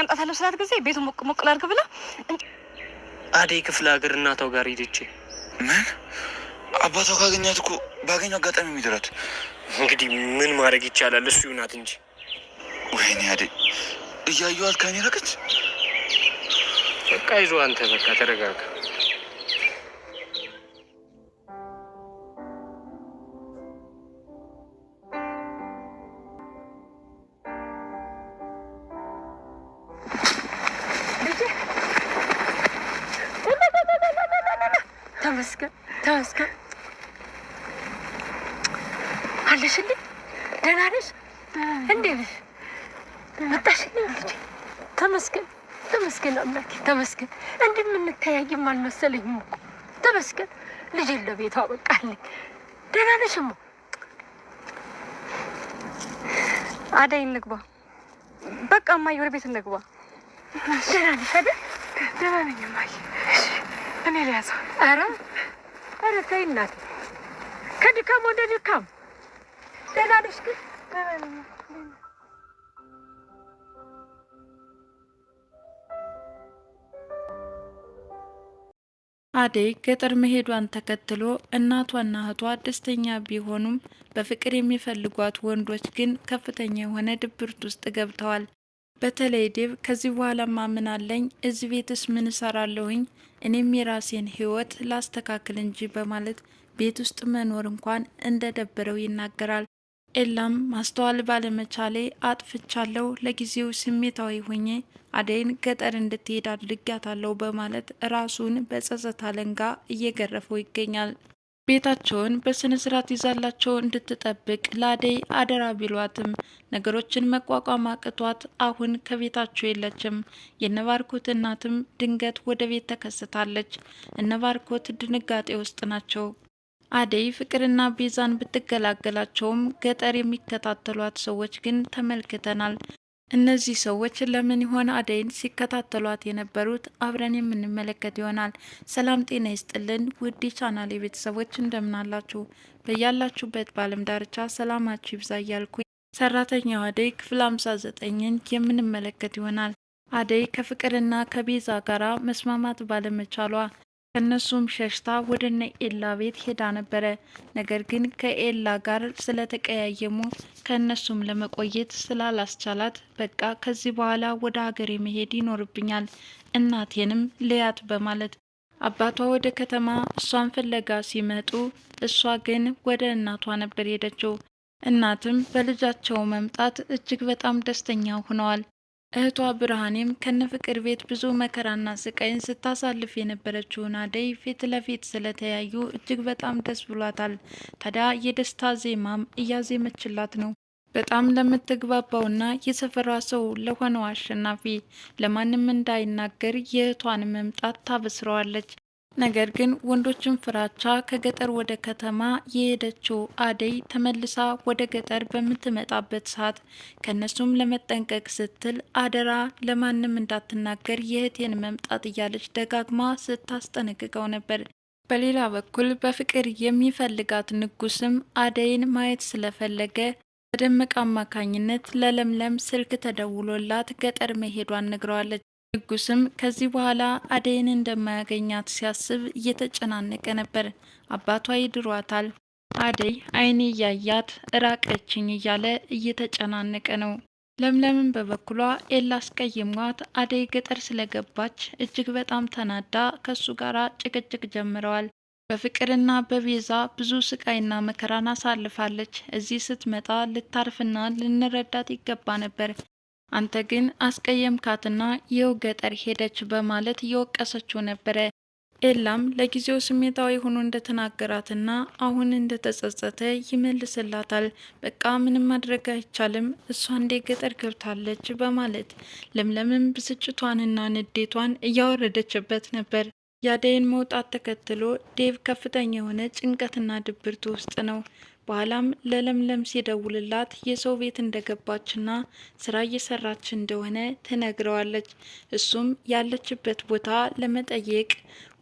አምጣታለሁ ስላት ጊዜ ቤቱ ሞቅ ሞቅ ላድርግ ብላ አደይ ክፍለ ሀገር እናቷ ጋር ሄደች። ምን አባቷ ካገኛት እኮ ባገኘው አጋጣሚ የሚድራት እንግዲህ ምን ማድረግ ይቻላል? እሱ ይሁናት እንጂ ወይኔ አደይ እያየዋት ከኔ ረቀች። በቃ ይዞ አንተ በቃ ተረጋጋ። ተመስገን ተመስገን። አለሽልኝ? ደህና ነሽ? እንዴት ነሽ? ተመስገን ተመስገን፣ አምላኬ ተመስገን። እንደምንተያይም አልመሰለኝም እኮ ተመስገን። ልጅ ለቤቷ በቃልኝ። ደህና ነሽ አደይ እንግባ። በቃ እማዬ፣ ወደ ቤት እንግባ። ደህና ነሽ አይደል? ደህና ነኝ እማዬ። እኔ ሊያዘው ኧረ ተይ ከድካም ወደ ድካም። ደህና ነሽ ግን? አደይ ገጠር መሄዷን ተከትሎ እናቷና እህቷ ደስተኛ ቢሆኑም በፍቅር የሚፈልጓት ወንዶች ግን ከፍተኛ የሆነ ድብርት ውስጥ ገብተዋል። በተለይ ዴቭ ከዚህ በኋላ ማምናለኝ አለኝ? እዚህ ቤትስ ምን እሰራለሁኝ? እኔም የራሴን ህይወት ላስተካክል እንጂ በማለት ቤት ውስጥ መኖር እንኳን እንደደበረው ይናገራል። ኤላም ማስተዋል ባለመቻሌ አጥፍቻለሁ፣ ለጊዜው ስሜታዊ ሆኜ አደይን ገጠር እንድትሄድ አድርጊያታለሁ በማለት ራሱን በጸጸት አለንጋ እየገረፈው ይገኛል። ቤታቸውን በስነ ስርዓት ይዛላቸው እንድትጠብቅ ለአደይ አደራ ቢሏትም ነገሮችን መቋቋም አቅቷት አሁን ከቤታቸው የለችም። የነባርኮት እናትም ድንገት ወደ ቤት ተከስታለች። እነባርኮት ድንጋጤ ውስጥ ናቸው። አደይ ፍቅርና ቤዛን ብትገላገላቸውም ገጠር የሚከታተሏት ሰዎች ግን ተመልክተናል። እነዚህ ሰዎች ለምን ይሆን አደይን ሲከታተሏት የነበሩት? አብረን የምንመለከት ይሆናል። ሰላም ጤና ይስጥልን ውድ ቻናል የቤተሰቦች እንደምናላችሁ በያላችሁበት በአለም ዳርቻ ሰላማችሁ ይብዛ እያልኩ ሰራተኛው አደይ ክፍል ሃምሳ ዘጠኝን የምንመለከት ይሆናል። አደይ ከፍቅርና ከቤዛ ጋራ መስማማት ባለመቻሏ ከነሱም ሸሽታ ወደ እነ ኤላ ቤት ሄዳ ነበረ። ነገር ግን ከኤላ ጋር ስለተቀያየሙ ከእነሱም ለመቆየት ስላላስቻላት በቃ ከዚህ በኋላ ወደ ሀገሬ መሄድ ይኖርብኛል እናቴንም ልያት በማለት አባቷ ወደ ከተማ እሷን ፍለጋ ሲመጡ እሷ ግን ወደ እናቷ ነበር ሄደችው። እናትም በልጃቸው መምጣት እጅግ በጣም ደስተኛ ሆነዋል። እህቷ ብርሃኔም ከንፍቅር ቤት ብዙ መከራና ስቃይን ስታሳልፍ የነበረችውን አደይ ፊት ለፊት ስለተያዩ እጅግ በጣም ደስ ብሏታል። ታዲያ የደስታ ዜማም እያዜመችላት ነው። በጣም ለምትግባባውና የሰፈሯ ሰው ለሆነው አሸናፊ ለማንም እንዳይናገር የእህቷን መምጣት ታበስረዋለች። ነገር ግን ወንዶችን ፍራቻ ከገጠር ወደ ከተማ የሄደችው አደይ ተመልሳ ወደ ገጠር በምትመጣበት ሰዓት ከእነሱም ለመጠንቀቅ ስትል አደራ ለማንም እንዳትናገር የእህቴን መምጣት እያለች ደጋግማ ስታስጠነቅቀው ነበር። በሌላ በኩል በፍቅር የሚፈልጋት ንጉስም አደይን ማየት ስለፈለገ በደመቀ አማካኝነት ለለምለም ስልክ ተደውሎላት ገጠር መሄዷን ነግረዋለች። ንጉስም ከዚህ በኋላ አደይን እንደማያገኛት ሲያስብ እየተጨናነቀ ነበር። አባቷ ይድሯታል፣ አደይ አይኔ እያያት እራቀችኝ እያለ እየተጨናነቀ ነው። ለምለምን በበኩሏ ኤላ አስቀይሟት አደይ ገጠር ስለገባች እጅግ በጣም ተናዳ ከሱ ጋር ጭቅጭቅ ጀምረዋል። በፍቅርና በቤዛ ብዙ ስቃይና መከራን አሳልፋለች። እዚህ ስትመጣ ልታርፍና ልንረዳት ይገባ ነበር። አንተ ግን አስቀየምካትና ይኸው ገጠር ሄደች በማለት እየወቀሰችው ነበረ። ኤላም ለጊዜው ስሜታዊ ሆኖ እንደተናገራትና አሁን እንደተጸጸተ ይመልስላታል። በቃ ምንም ማድረግ አይቻልም፣ እሷ እንዴ ገጠር ገብታለች በማለት ለምለምም ብስጭቷንና ንዴቷን እያወረደችበት ነበር። የአደይን መውጣት ተከትሎ ዴቭ ከፍተኛ የሆነ ጭንቀትና ድብርት ውስጥ ነው። በኋላም ለለምለም ሲደውልላት የሰው ቤት እንደገባችና ስራ እየሰራች እንደሆነ ትነግረዋለች። እሱም ያለችበት ቦታ ለመጠየቅ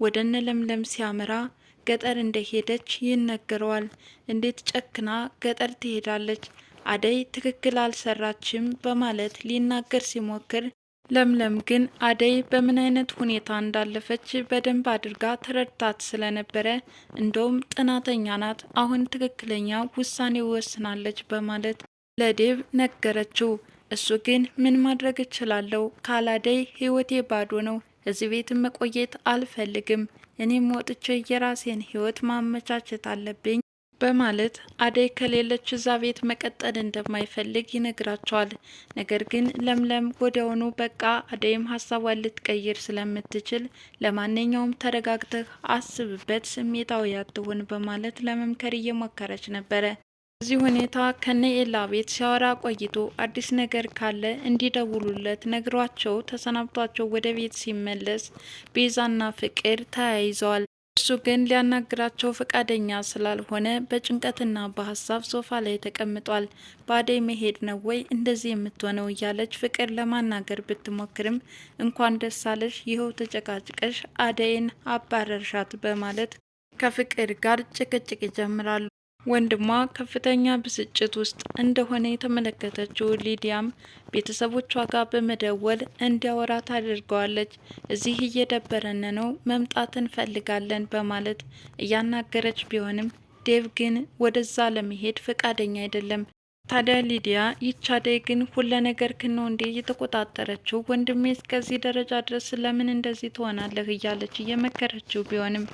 ወደነ ለምለም ሲያመራ ገጠር እንደሄደች ይነገረዋል። እንዴት ጨክና ገጠር ትሄዳለች? አደይ ትክክል አልሰራችም በማለት ሊናገር ሲሞክር ለምለም ግን አደይ በምን አይነት ሁኔታ እንዳለፈች በደንብ አድርጋ ተረድታት ስለነበረ እንደውም ጥናተኛ ናት፣ አሁን ትክክለኛ ውሳኔ ወስናለች በማለት ለዴብ ነገረችው። እሱ ግን ምን ማድረግ እችላለሁ? ካላደይ ህይወቴ ባዶ ነው። እዚህ ቤት መቆየት አልፈልግም። እኔም ወጥቼ የራሴን ህይወት ማመቻቸት አለብኝ በማለት አደይ ከሌለች እዛ ቤት መቀጠል እንደማይፈልግ ይነግራቸዋል። ነገር ግን ለምለም ወዲያውኑ በቃ አደይም ሀሳቧን ልትቀይር ስለምትችል ለማንኛውም ተረጋግተህ አስብበት፣ ስሜታዊ ያትሆን በማለት ለመምከር እየሞከረች ነበረ። በዚህ ሁኔታ ከነ ኤላ ቤት ሲያወራ ቆይቶ አዲስ ነገር ካለ እንዲደውሉለት ነግሯቸው ተሰናብቷቸው ወደ ቤት ሲመለስ ቤዛና ፍቅር ተያይዘዋል። እሱ ግን ሊያናግራቸው ፈቃደኛ ስላልሆነ በጭንቀትና በሀሳብ ሶፋ ላይ ተቀምጧል። በአደይ መሄድ ነው ወይ እንደዚህ የምትሆነው እያለች ፍቅር ለማናገር ብትሞክርም እንኳን ደስ አለሽ፣ ይኸው ተጨቃጭቀሽ አደይን አባረርሻት በማለት ከፍቅር ጋር ጭቅጭቅ ይጀምራሉ። ወንድሟ ከፍተኛ ብስጭት ውስጥ እንደሆነ የተመለከተችው ሊዲያም ቤተሰቦቿ ጋር በመደወል እንዲያወራ ታደርገዋለች። እዚህ እየደበረን ነው፣ መምጣት እንፈልጋለን በማለት እያናገረች ቢሆንም ዴቭ ግን ወደዛ ለመሄድ ፈቃደኛ አይደለም። ታዲያ ሊዲያ ይቻደ ግን ሁለ ነገር ክነው እንዴ እየተቆጣጠረችው ወንድሜ እስከዚህ ደረጃ ድረስ ለምን እንደዚህ ትሆናለህ እያለች እየመከረችው ቢሆንም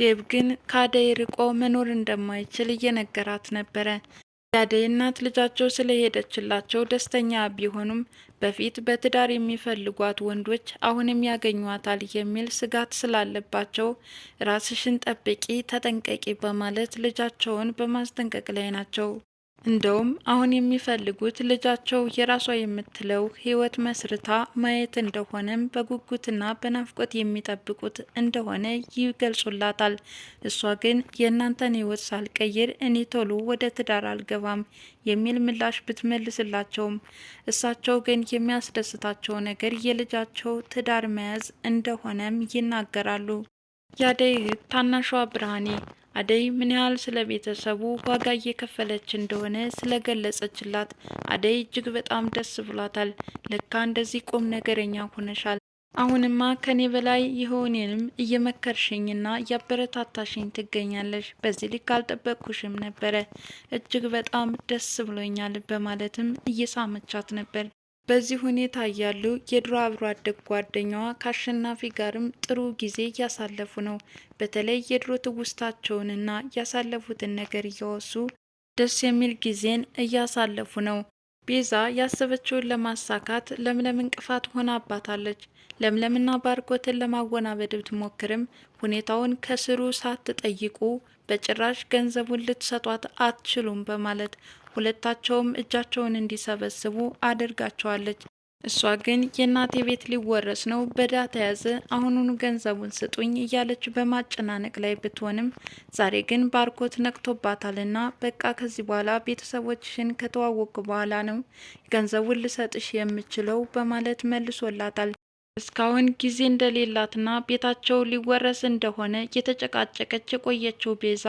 ዴብ ግን ከአደይ ርቆ መኖር እንደማይችል እየነገራት ነበረ። የአደይ እናት ልጃቸው ስለሄደችላቸው ደስተኛ ቢሆኑም በፊት በትዳር የሚፈልጓት ወንዶች አሁንም ያገኟታል የሚል ስጋት ስላለባቸው ራስሽን ጠብቂ፣ ተጠንቀቂ በማለት ልጃቸውን በማስጠንቀቅ ላይ ናቸው። እንደውም አሁን የሚፈልጉት ልጃቸው የራሷ የምትለው ህይወት መስርታ ማየት እንደሆነም በጉጉትና በናፍቆት የሚጠብቁት እንደሆነ ይገልጹላታል። እሷ ግን የእናንተን ህይወት ሳልቀይር እኔ ቶሎ ወደ ትዳር አልገባም የሚል ምላሽ ብትመልስላቸውም እሳቸው ግን የሚያስደስታቸው ነገር የልጃቸው ትዳር መያዝ እንደሆነም ይናገራሉ። ያደይ እህት ታናሿ ብርሃኔ አደይ ምን ያህል ስለ ቤተሰቡ ዋጋ እየከፈለች እንደሆነ ስለገለጸችላት አደይ እጅግ በጣም ደስ ብሏታል። ለካ እንደዚህ ቁም ነገረኛ ሆነሻል። አሁንማ ከኔ በላይ የሆኔንም እየመከርሽኝና እያበረታታሽኝ ትገኛለሽ። በዚህ ልክ አልጠበቅኩሽም ነበረ። እጅግ በጣም ደስ ብሎኛል በማለትም እየሳመቻት ነበር። በዚህ ሁኔታ እያሉ የድሮ አብሮ አደግ ጓደኛዋ ከአሸናፊ ጋርም ጥሩ ጊዜ እያሳለፉ ነው። በተለይ የድሮ ትውስታቸውንና ያሳለፉትን ነገር እያወሱ ደስ የሚል ጊዜን እያሳለፉ ነው። ቤዛ ያሰበችውን ለማሳካት ለምለም እንቅፋት ሆና አባታለች። ለምለምና ባርኮትን ለማወናበድ ብትሞክርም ሁኔታውን ከስሩ ሳትጠይቁ በጭራሽ ገንዘቡን ልትሰጧት አትችሉም በማለት ሁለታቸውም እጃቸውን እንዲሰበስቡ አድርጋቸዋለች። እሷ ግን የእናቴ ቤት ሊወረስ ነው፣ በዳ ተያዘ፣ አሁኑኑ ገንዘቡን ስጡኝ እያለች በማጨናነቅ ላይ ብትሆንም ዛሬ ግን ባርኮት ነቅቶባታልና በቃ ከዚህ በኋላ ቤተሰቦችሽን ከተዋወቁ በኋላ ነው ገንዘቡን ልሰጥሽ የምችለው በማለት መልሶላታል። እስካሁን ጊዜ እንደሌላትና ቤታቸው ሊወረስ እንደሆነ የተጨቃጨቀች የቆየችው ቤዛ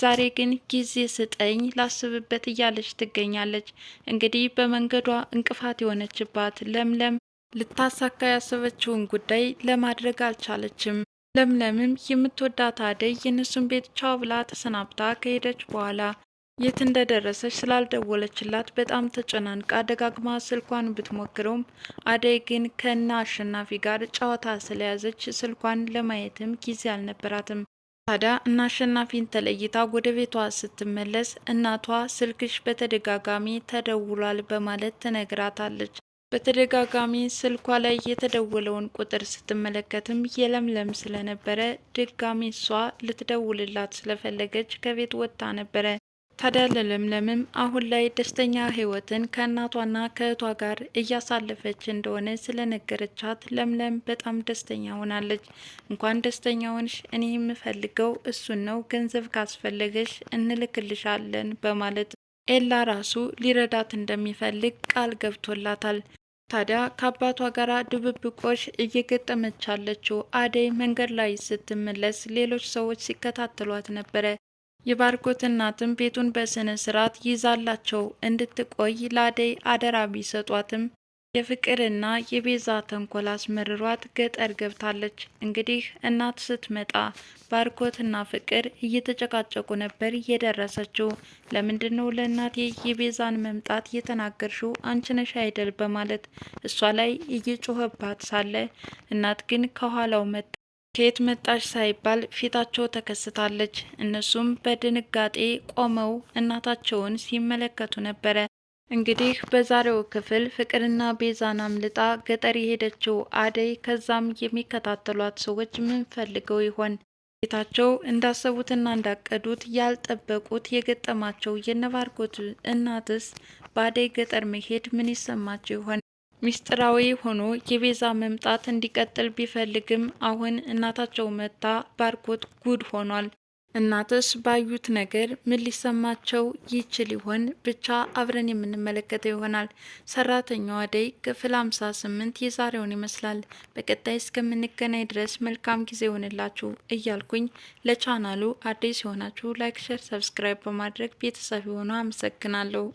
ዛሬ ግን ጊዜ ስጠኝ ላስብበት እያለች ትገኛለች። እንግዲህ በመንገዷ እንቅፋት የሆነችባት ለምለም ልታሳካ ያሰበችውን ጉዳይ ለማድረግ አልቻለችም። ለምለምም የምትወዳት አደይ የእነሱን ቤት ቻው ብላ ተሰናብታ ከሄደች በኋላ የት እንደደረሰች ስላልደወለችላት በጣም ተጨናንቃ ደጋግማ ስልኳን ብትሞክረውም አደይ ግን ከነ አሸናፊ ጋር ጨዋታ ስለያዘች ስልኳን ለማየትም ጊዜ አልነበራትም። ታዲያ እና አሸናፊን ተለይታ ወደ ቤቷ ስትመለስ እናቷ ስልክሽ በተደጋጋሚ ተደውሏል በማለት ትነግራታለች። በተደጋጋሚ ስልኳ ላይ የተደወለውን ቁጥር ስትመለከትም የለምለም ስለነበረ ድጋሚ እሷ ልትደውልላት ስለፈለገች ከቤት ወጥታ ነበረ። ታዲያ ለለምለምም አሁን ላይ ደስተኛ ህይወትን ከእናቷና ከእህቷ ጋር እያሳለፈች እንደሆነ ስለነገረቻት ለምለም በጣም ደስተኛ ሆናለች። እንኳን ደስተኛ ሆንሽ፣ እኔ የምፈልገው እሱን ነው፣ ገንዘብ ካስፈለገሽ እንልክልሻለን በማለት ኤላ ራሱ ሊረዳት እንደሚፈልግ ቃል ገብቶላታል። ታዲያ ከአባቷ ጋር ድብብቆሽ እየገጠመች ያለችው አደይ መንገድ ላይ ስትመለስ ሌሎች ሰዎች ሲከታተሏት ነበረ። የባርኮት እናትም ቤቱን በስነ ስርዓት ይዛላቸው እንድትቆይ ለአደይ አደራ ቢሰጧትም የፍቅርና የቤዛ ተንኮል አስመርሯት ገጠር ገብታለች። እንግዲህ እናት ስትመጣ ባርኮትና ፍቅር እየተጨቃጨቁ ነበር የደረሰችው። ለምንድን ነው ለእናቴ የቤዛን መምጣት የተናገርሽው አንቺ ነሽ አይደል? በማለት እሷ ላይ እየጮኸባት ሳለ እናት ግን ከኋላው መጣ ከየት መጣች ሳይባል ፊታቸው ተከስታለች። እነሱም በድንጋጤ ቆመው እናታቸውን ሲመለከቱ ነበረ። እንግዲህ በዛሬው ክፍል ፍቅርና ቤዛን አምልጣ ገጠር የሄደችው አደይ፣ ከዛም የሚከታተሏት ሰዎች ምን ፈልገው ይሆን? ጌታቸው እንዳሰቡትና እንዳቀዱት ያልጠበቁት የገጠማቸው የነባርኮት እናትስ በአደይ ገጠር መሄድ ምን ይሰማቸው ይሆን? ሚስጥራዊ ሆኖ የቤዛ መምጣት እንዲቀጥል ቢፈልግም አሁን እናታቸው መታ ባርኮት ጉድ ሆኗል። እናትስ ባዩት ነገር ምን ሊሰማቸው ይችል ይሆን? ብቻ አብረን የምንመለከተው ይሆናል። ሰራተኛዋ አደይ ክፍል 58 የዛሬውን ይመስላል። በቀጣይ እስከምንገናኝ ድረስ መልካም ጊዜ ይሆንላችሁ እያልኩኝ ለቻናሉ አዲስ የሆናችሁ ላይክ፣ ሸር፣ ሰብስክራይብ በማድረግ ቤተሰብ የሆኑ አመሰግናለሁ።